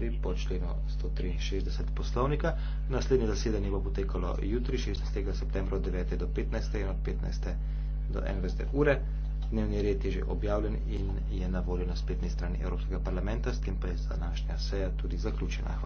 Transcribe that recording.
stvari po členu 163 poslovnika. Naslednje zasedanje bo potekalo jutri, 16. septembra od 9. do 15. in od 15. do 11. ure. Dnevni red je že objavljen in je na voljo na spletni strani Evropskega parlamenta, s tem pa je današnja seja tudi zaključena.